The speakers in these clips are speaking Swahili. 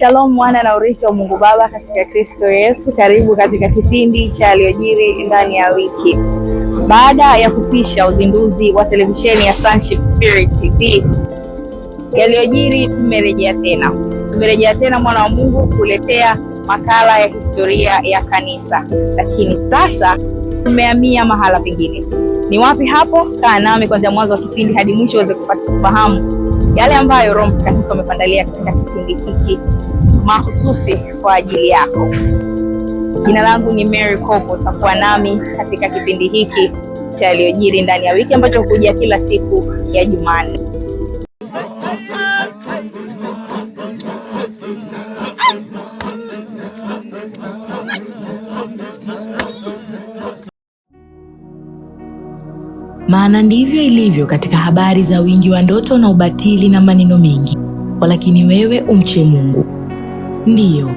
Shalom mwana na urithi wa Mungu Baba katika Kristo Yesu. Karibu katika kipindi cha yaliyojiri ndani ya wiki. Baada ya kupisha uzinduzi wa televisheni ya Sonship Spirit TV, yaliyojiri tumerejea tena, tumerejea tena mwana wa Mungu kuletea makala ya historia ya kanisa, lakini sasa tumehamia mahala pengine. Ni wapi hapo? Kaa nami kuanzia mwanzo wa kipindi hadi mwisho uweze kupata kufahamu yale ambayo Roho Mtakatifu amepandalia katika kipindi hiki mahususi kwa ajili yako. Jina langu ni Mary Kopo, utakuwa nami katika kipindi hiki cha yaliyojiri ndani ya wiki ambacho kuja kila siku ya Jumanne. maana ndivyo ilivyo katika habari za wingi wa ndoto na ubatili na maneno mengi, walakini wewe umche Mungu. Ndiyo,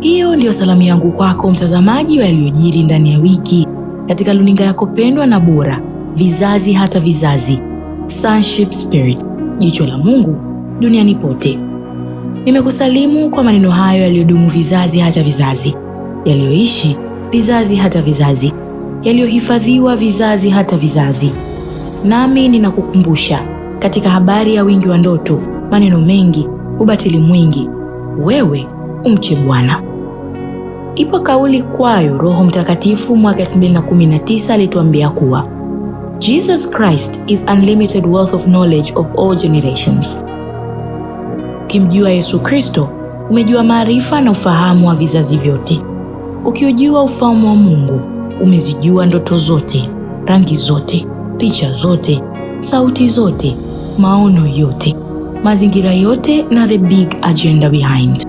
hiyo ndiyo salamu yangu kwako mtazamaji wa yaliyojiri ndani ya wiki katika luninga yako pendwa na bora, vizazi hata vizazi, Sonship Spirit, jicho la Mungu duniani pote. Nimekusalimu kwa maneno hayo yaliyodumu vizazi hata vizazi, yaliyoishi vizazi hata vizazi yaliyohifadhiwa vizazi hata vizazi. Nami ninakukumbusha katika habari ya wingi wa ndoto, maneno mengi, ubatili mwingi, wewe umche Bwana. Ipo kauli kwayo Roho Mtakatifu mwaka 2019 alituambia kuwa Jesus Christ is unlimited wealth of knowledge of all generations. Ukimjua Yesu Kristo umejua maarifa na ufahamu wa vizazi vyote. Ukiujua ufahamu wa Mungu umezijua ndoto zote, rangi zote, picha zote, sauti zote, maono yote, mazingira yote na the big agenda behind.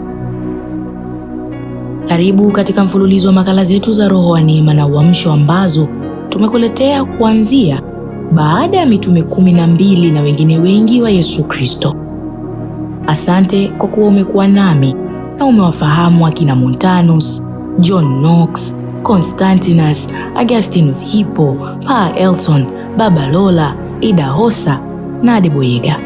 Karibu katika mfululizo wa makala zetu za Roho wa Neema na Uamsho ambazo tumekuletea kuanzia baada ya mitume kumi na mbili na wengine wengi wa Yesu Kristo. Asante kwa kuwa umekuwa nami na umewafahamu akina Montanus, John Knox Constantinus, Augustine of Hippo, Pa Elton, Baba Lola, Ida hosa na Adeboyega.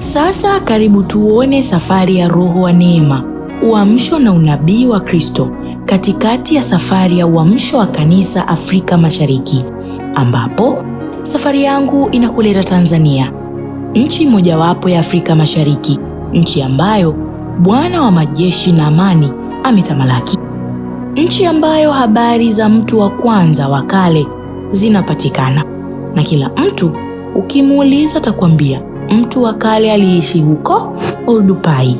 Sasa karibu tuone safari ya Roho wa Neema, uamsho na unabii wa Kristo katikati ya safari ya uamsho wa kanisa Afrika Mashariki, ambapo safari yangu inakuleta Tanzania, nchi mojawapo ya Afrika Mashariki, nchi ambayo Bwana wa majeshi na amani ametamalaki nchi ambayo habari za mtu wa kwanza wa kale zinapatikana, na kila mtu ukimuuliza atakwambia mtu wa kale aliishi huko Oldupai,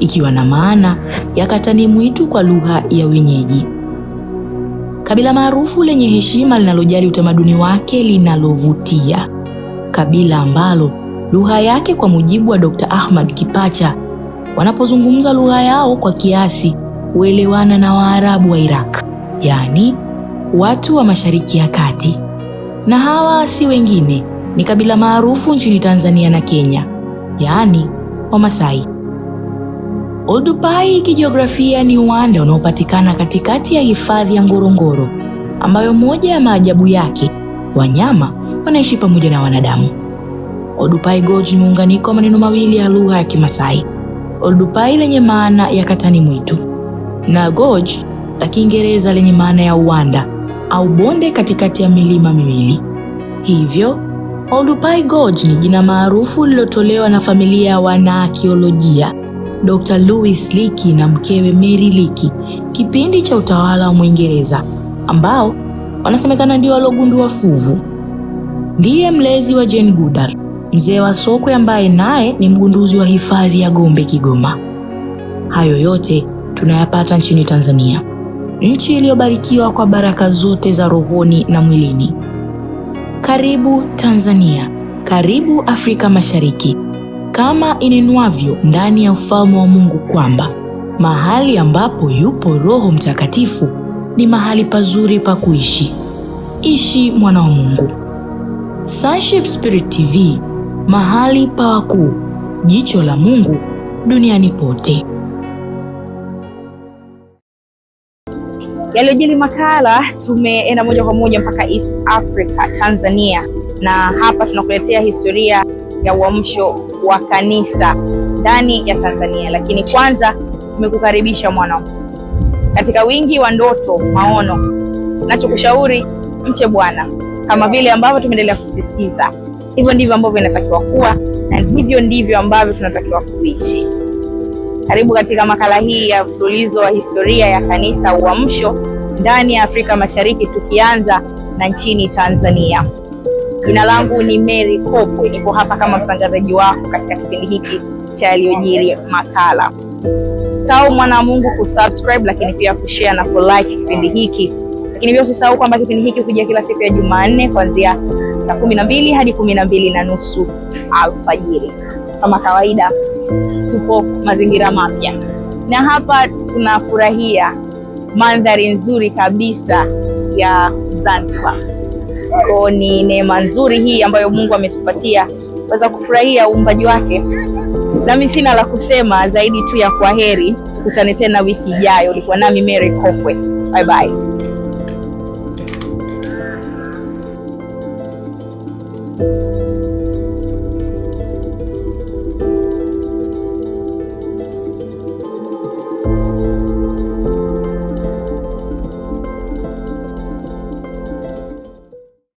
ikiwa na maana ya katani mwitu kwa lugha ya wenyeji. Kabila maarufu lenye heshima linalojali utamaduni wake linalovutia, kabila ambalo lugha yake kwa mujibu wa Dr. Ahmad Kipacha, wanapozungumza lugha yao kwa kiasi kuelewana na Waarabu wa Iraq, yaani watu wa Mashariki ya Kati, na hawa si wengine, ni kabila maarufu nchini Tanzania na Kenya, yaani Wamasai. Oldupai kijiografia ni uwanda unaopatikana katikati ya hifadhi ya Ngorongoro, ambayo moja ya maajabu yake, wanyama wanaishi pamoja na wanadamu. Oldupai Gorge ni muunganiko wa maneno mawili ya lugha ya Kimasai, Oldupai lenye maana ya katani mwitu na gorge la Kiingereza lenye maana ya uwanda au bonde katikati ya milima miwili. Hivyo, Oldupai Gorge ni jina maarufu lililotolewa na familia ya wanaakiolojia Dr. Louis Leakey na mkewe Mary Leakey kipindi cha utawala wa Mwingereza, ambao wanasemekana ndio waliogundua fuvu. Ndiye mlezi wa Jane Goodall, mzee wa sokwe ambaye naye ni mgunduzi wa hifadhi ya Gombe Kigoma. Hayo yote tunayapata nchini Tanzania, nchi iliyobarikiwa kwa baraka zote za rohoni na mwilini. Karibu Tanzania, karibu Afrika Mashariki, kama inenwavyo ndani ya ufalme wa Mungu kwamba mahali ambapo yupo Roho Mtakatifu ni mahali pazuri pa kuishi. Ishi mwana wa Mungu. Sonship Spirit TV, mahali pa wakuu, jicho la Mungu duniani pote. Yaliyojiri makala, tumeenda moja kwa moja mpaka East Africa, Tanzania, na hapa tunakuletea historia ya uamsho wa kanisa ndani ya Tanzania. Lakini kwanza tumekukaribisha mwanangu katika wingi wa ndoto, maono, nachokushauri mche Bwana kama vile ambavyo tumeendelea kusisitiza. Hivyo ndivyo ambavyo inatakiwa kuwa na hivyo ndivyo ambavyo tunatakiwa kuishi. Karibu katika makala hii ya mfululizo wa historia ya kanisa Uamsho ndani ya Afrika Mashariki, tukianza na nchini Tanzania. Jina langu ni Mary Kopwe, nipo hapa kama mtangazaji wako katika kipindi hiki cha yaliyojiri makala. Usisahau mwana Mungu kusubscribe, lakini pia kushare na kulike kipindi hiki, lakini pia usisahau kwamba kipindi hiki hukuja kila siku ya Jumanne kuanzia saa kumi na mbili hadi kumi na mbili na nusu alfajiri kama kawaida tupo mazingira mapya, na hapa tunafurahia mandhari nzuri kabisa ya Zanzibar. Kwa ni neema nzuri hii ambayo Mungu ametupatia kuweza kufurahia uumbaji wake. Nami sina la kusema zaidi tu ya kwa heri, tena wiki ijayo. Ulikuwa nami Mary kokwe bye bye.